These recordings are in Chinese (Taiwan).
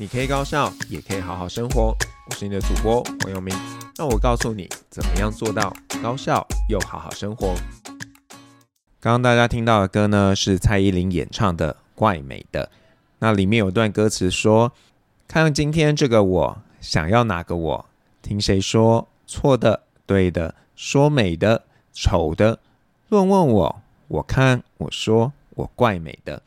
你可以高效，也可以好好生活。我是你的主播黃友明，那我告訴你怎麼樣做到高效又好好生活。剛剛大家聽到的歌呢，是蔡依林演唱的《怪美的》，那裡面有段歌詞說：“看今天這個我，想要哪個我？聽誰說錯的、對的，說美的、醜的，論問我，我看我說我怪美的。”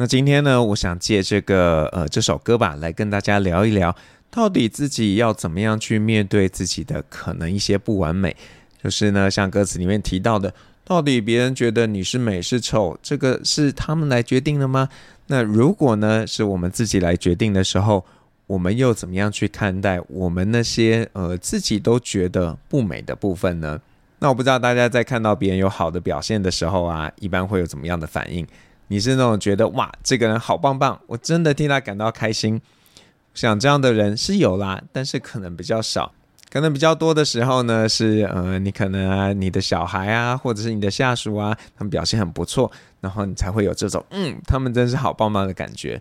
那今天呢，我想借這個呃這首歌吧，來跟大家聊一聊，到底自己要怎麼樣去面對自己的可能一些不完美。就是呢，像歌詞裡面提到的，到底別人覺得你是美是醜，這個是他們來決定的嗎？那如果呢，是我們自己來決定的時候，我們又怎麼樣去看待我們那些呃自己都覺得不美的部分呢？那我不知道大家在看到別人有好的表現的時候啊，一般會有怎麼樣的反應。你是那種覺得哇，這個人好棒棒，我真的替他感到開心。像這樣的人是有啦，但是可能比較少。可能比較多的時候呢，是呃，你可能啊，你的小孩啊，或者是你的下屬啊，他們表現很不錯，然後你才會有這種嗯，他們真是好棒棒的感覺。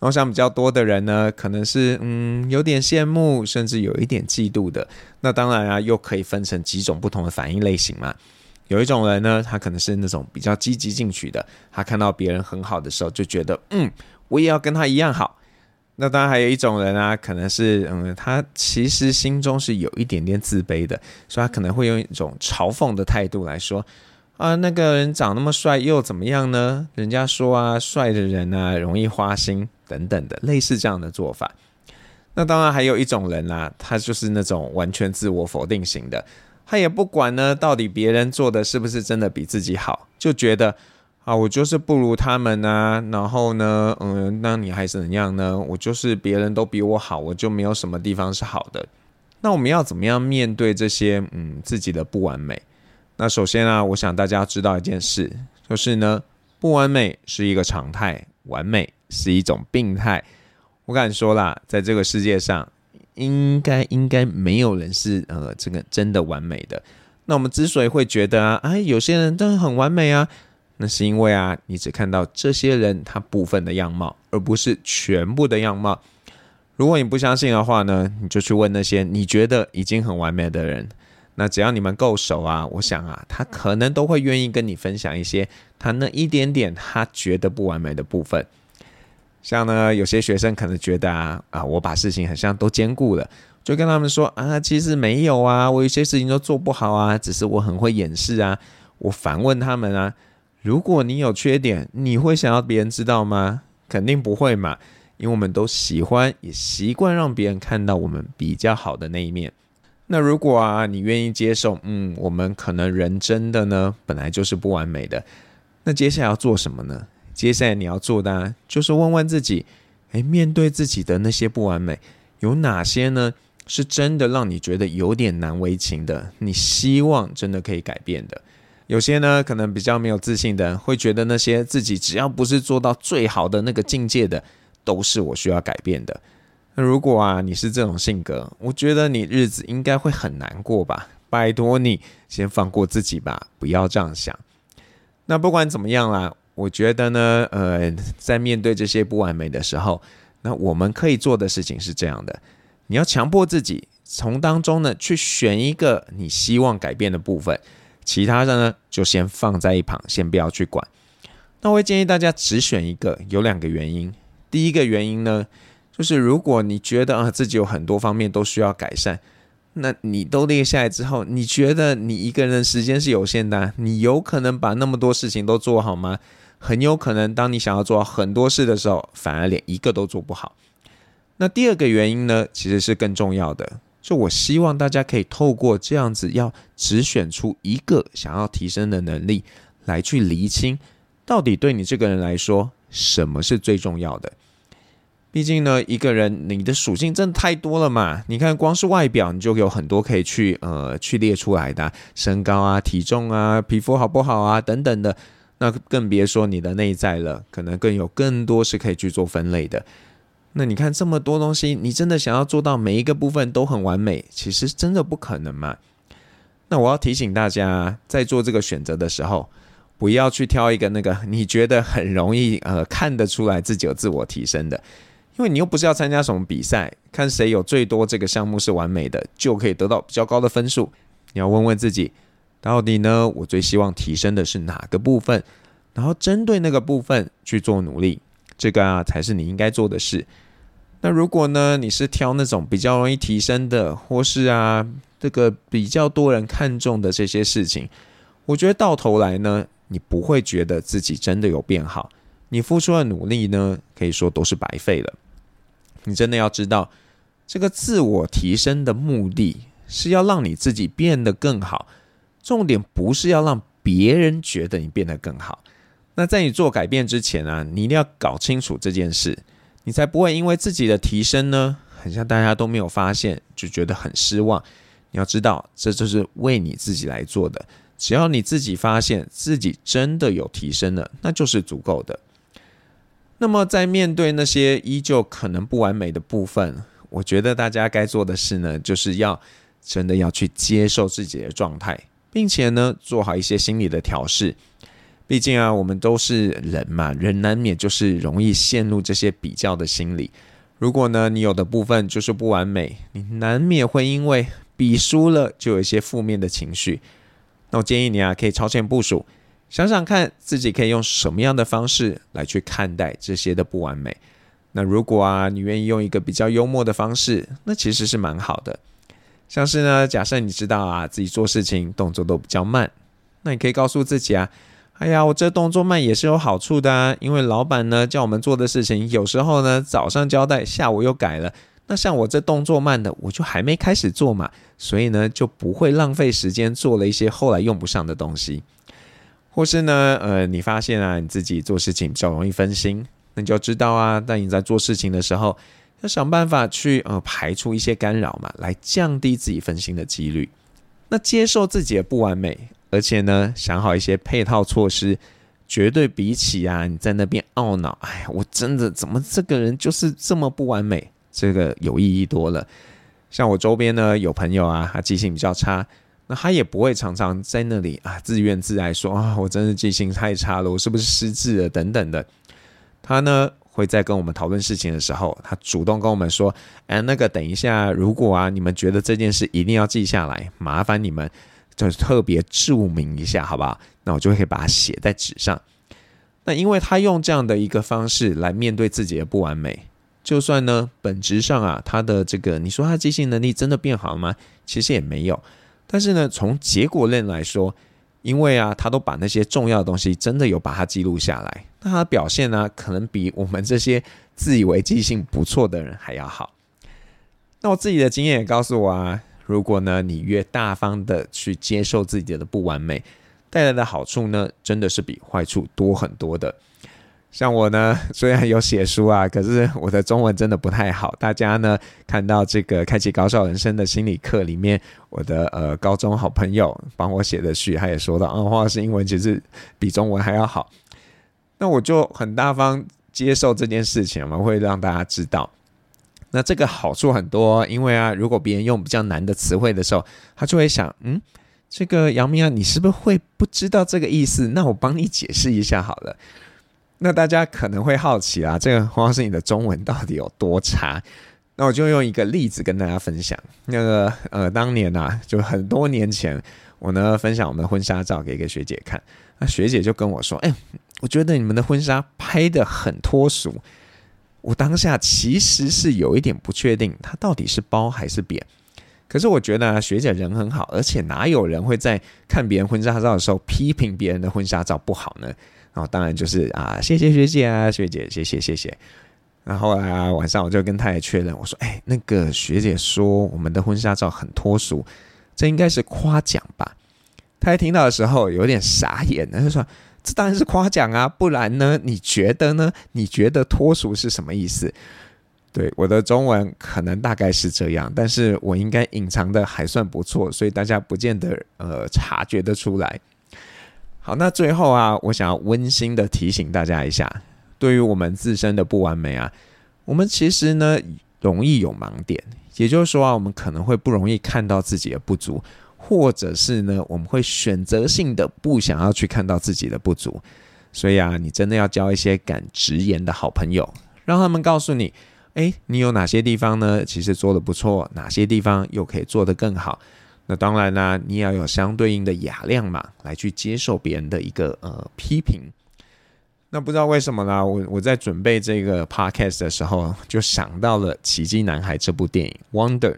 我想比較多的人呢，可能是嗯，有點羨慕，甚至有一點嫉妒的。那當然啊，又可以分成幾種不同的反應類型嘛。有一種人呢，他可能是那種比較積極進取的，他看到別人很好的時候，就覺得，嗯，我也要跟他一樣好。那當然還有一種人啊，可能是，嗯，他其實心中是有一點點自卑的，所以他可能會用一種嘲諷的態度來說，啊，那個人長那麼帥又怎麼樣呢？人家說啊，帥的人啊，容易花心等等的，類似這樣的做法。那當然還有一種人啊，他就是那種完全自我否定型的。他也不管呢，到底別人做的是不是真的比自己好，就覺得啊，我就是不如他們啊。然後呢，嗯，那你還是怎樣呢？我就是別人都比我好，我就沒有什麼地方是好的。那我們要怎麼樣面對這些嗯自己的不完美？那首先啊，我想大家知道一件事，就是呢，不完美是一個常態，完美是一種病態。我敢說啦，在這個世界上。應該應該沒有人是呃這個真的完美的。那我們之所以會覺得啊，哎，有些人真的很完美啊，那是因為啊，你只看到這些人他部分的樣貌，而不是全部的樣貌。如果你不相信的話呢，你就去問那些你覺得已經很完美的人。那只要你們夠熟啊，我想啊，他可能都會願意跟你分享一些他那一點點他覺得不完美的部分。像呢，有些學生可能覺得啊啊，我把事情好像都兼顧了，就跟他們說啊，其實沒有啊，我有些事情都做不好啊，只是我很會掩飾啊。我反問他們啊，如果你有缺點，你會想要別人知道嗎？肯定不會嘛，因為我們都喜歡也習慣讓別人看到我們比較好的那一面。那如果啊，你願意接受，嗯，我們可能人真的呢，本來就是不完美的。那接下來要做什麼呢？接下來你要做的啊，就是問問自己，哎、欸，面對自己的那些不完美，有哪些呢？是真的讓你覺得有點難為情的？你希望真的可以改變的？有些呢，可能比較沒有自信的，會覺得那些自己只要不是做到最好的那個境界的，都是我需要改變的。那如果啊，你是這種性格，我覺得你日子應該會很難過吧？拜托你先放過自己吧，不要這樣想。那不管怎麼樣啦。我覺得呢，呃，在面對這些不完美的時候，那我們可以做的事情是這樣的：你要強迫自己從當中呢去選一個你希望改變的部分，其他的呢就先放在一旁，先不要去管。那我會建議大家只選一個，有兩個原因。第一個原因呢，就是如果你覺得啊自己有很多方面都需要改善，那你都列下來之後，你覺得你一個人的時間是有限的啊，你有可能把那麼多事情都做好嗎？很有可能，當你想要做很多事的時候，反而連一個都做不好。那第二個原因呢，其實是更重要的。就我希望大家可以透過這樣子，要只選出一個想要提升的能力來去釐清，到底對你這個人來說，什麼是最重要的。畢竟呢，一個人你的屬性真的太多了嘛，你看，光是外表你就有很多可以去呃去列出來的，身高啊、體重啊、皮膚好不好啊等等的。那更別說你的內在了，可能更有更多是可以去做分類的。那你看這麼多東西，你真的想要做到每一個部分都很完美，其實真的不可能嘛。那我要提醒大家，在做這個選擇的時候，不要去挑一個那個你覺得很容易，呃，看得出來自己有自我提升的，因為你又不是要參加什麼比賽，看誰有最多這個項目是完美的，就可以得到比較高的分數。你要問問自己。到底呢，我最希望提升的是哪個部分？然後針對那個部分去做努力，這個啊才是你應該做的事。那如果呢，你是挑那種比較容易提升的，或是啊這個比較多人看重的這些事情，我覺得到頭來呢，你不會覺得自己真的有變好，你付出的努力呢，可以說都是白費了。你真的要知道，這個自我提升的目的是要讓你自己變得更好。重點不是要讓別人覺得你變得更好。那在你做改變之前啊，你一定要搞清楚這件事，你才不會因為自己的提升呢，好像大家都沒有發現，就覺得很失望。你要知道，這就是為你自己來做的。只要你自己發現自己真的有提升了，那就是足夠的。那麼，在面對那些依舊可能不完美的部分，我覺得大家該做的事呢，就是要真的要去接受自己的狀態。並且呢，做好一些心理的調適。畢竟啊，我們都是人嘛，人難免就是容易陷入這些比較的心理。如果呢，你有的部分就是不完美，你難免會因為比輸了就有一些負面的情緒。那我建議你啊，可以超前部署，想想看自己可以用什麼樣的方式來去看待這些的不完美。那如果啊，你願意用一個比較幽默的方式，那其實是蠻好的。像是呢，假設你知道啊，自己做事情動作都比較慢，那你可以告訴自己啊，哎呀，我這動作慢也是有好處的啊，因為老闆呢叫我們做的事情，有時候呢早上交代，下午又改了，那像我這動作慢的，我就還沒開始做嘛，所以呢就不會浪費時間做了一些後來用不上的東西。或是呢，呃，你發現啊，你自己做事情比較容易分心，那你就知道啊，當你在做事情的時候。要想辦法去呃排除一些干擾嘛，來降低自己分心的幾率。那接受自己的不完美，而且呢想好一些配套措施，絕對比起啊你在那邊懊惱，哎呀我真的怎麼這個人就是這麼不完美，這個有意義多了。像我周邊呢有朋友啊，他記性比較差，那他也不會常常在那裡啊自怨自艾說啊我真的記性太差了，我是不是失智了等等的，他呢。會在跟我們討論事情的時候，他主動跟我們說：“哎，那個等一下，如果啊你們覺得這件事一定要記下來，麻煩你們就特別注明一下，好不好？那我就可以把它寫在紙上。那因為他用這樣的一個方式來面對自己的不完美，就算呢本質上啊他的這個你說他記性能力真的變好了嗎？其實也沒有。但是呢從結果論來說，因為啊，他都把那些重要的東西真的有把它記錄下來。那他的表現呢、啊，可能比我們這些自以為記性不錯的人還要好。那我自己的經驗也告訴我啊，如果呢，你越大方的去接受自己的不完美，帶來的好處呢，真的是比壞處多很多的。像我呢，雖然有寫書啊，可是我的中文真的不太好。大家呢，看到這個《開啟高效人生的心理課》裡面，我的呃高中好朋友幫我寫的序，他也說到啊，嗯，黃老師英文其實比中文還要好。那我就很大方接受這件事情，我們會讓大家知道。那這個好處很多，因為啊，如果別人用比較難的詞彙的時候，他就會想，嗯，這個楊明啊，你是不是會不知道這個意思？那我幫你解釋一下好了。那大家可能會好奇啊，這個黃老師你的中文到底有多差？那我就用一個例子跟大家分享。那個呃，當年啊，就很多年前，我呢分享我們的婚紗照給一個學姐看，那學姐就跟我說：“哎、欸，我覺得你們的婚紗拍得很脫俗。”我當下其實是有一點不確定，它到底是褒還是貶。可是我覺得、啊、學姐人很好，而且哪有人會在看別人婚紗照的時候批評別人的婚紗照不好呢？然、哦、當然就是啊，謝謝學姐啊，學姐謝謝謝謝。然後啊，晚上我就跟太太確認，我說：“哎，那個學姐說我們的婚紗照很脫俗，這應該是誇獎吧？”太太聽到的時候有點傻眼了，她說：“這當然是誇獎啊，不然呢？你覺得呢？你覺得脫俗是什麼意思？”對，我的中文可能大概是這樣，但是我應該隱藏的還算不錯，所以大家不見得呃察覺得出來。好，那最後啊，我想要溫馨的提醒大家一下，對於我們自身的不完美啊，我們其實呢容易有盲點，也就是說啊，我們可能會不容易看到自己的不足，或者是呢，我們會選擇性的不想要去看到自己的不足，所以啊，你真的要交一些敢直言的好朋友，讓他們告訴你，誒、欸，你有哪些地方呢，其實做得不錯，哪些地方又可以做得更好？那當然啦，你也要有相對應的雅量嘛，來去接受別人的一個呃批評。那不知道為什麼啦，我我在準備這個 podcast 的時候，就想到了《奇蹟男孩》這部電影《Wonder》。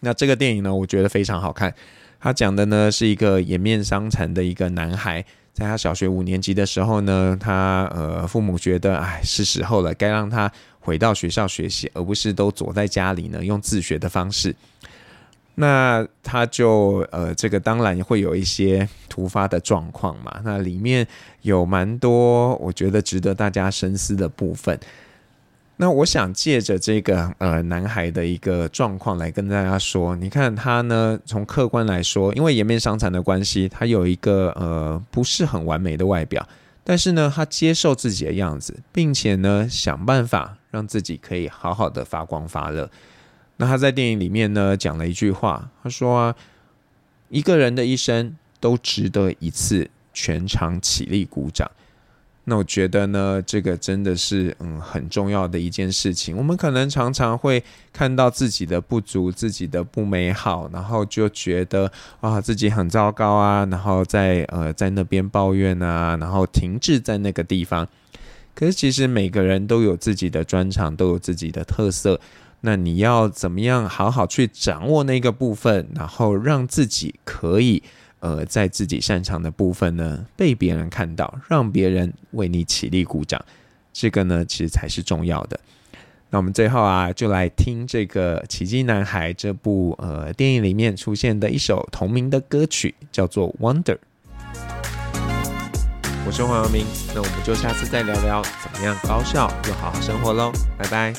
那這個電影呢，我覺得非常好看。他講的呢是一個顏面傷殘的一個男孩，在他小學五年級的時候呢，他呃父母覺得哎是時候了，該讓他回到學校學習，而不是都躲在家裡呢用自學的方式。那他就呃，這個當然會有一些突發的狀況嘛。那裡面有蠻多，我覺得值得大家深思的部分。那我想借着這個呃，男孩的一個狀況來跟大家說，你看他呢，從客觀來說，因為顏面傷殘的關係，他有一個呃不是很完美的外表，但是呢，他接受自己的樣子，並且呢，想辦法讓自己可以好好的發光發熱。那他在電影裡面呢講了一句話，他說啊，一個人的一生都值得一次全場起立鼓掌。那我覺得呢，這個真的是嗯很重要的一件事情。我們可能常常會看到自己的不足、自己的不美好，然後就覺得啊自己很糟糕啊，然後在呃在那邊抱怨啊，然後停滯在那個地方。可是其實每個人都有自己的專長，都有自己的特色。那你要怎麼樣好好去掌握那個部分，然後讓自己可以呃在自己擅長的部分呢被別人看到，讓別人為你起立鼓掌，這個呢其實才是重要的。那我們最後啊就來聽這個《奇蹟男孩》這部呃電影裡面出現的一首同名的歌曲，叫做《Wonder》。我是黃耀明，那我們就下次再聊聊怎麼樣高效又好好生活嘍，拜拜。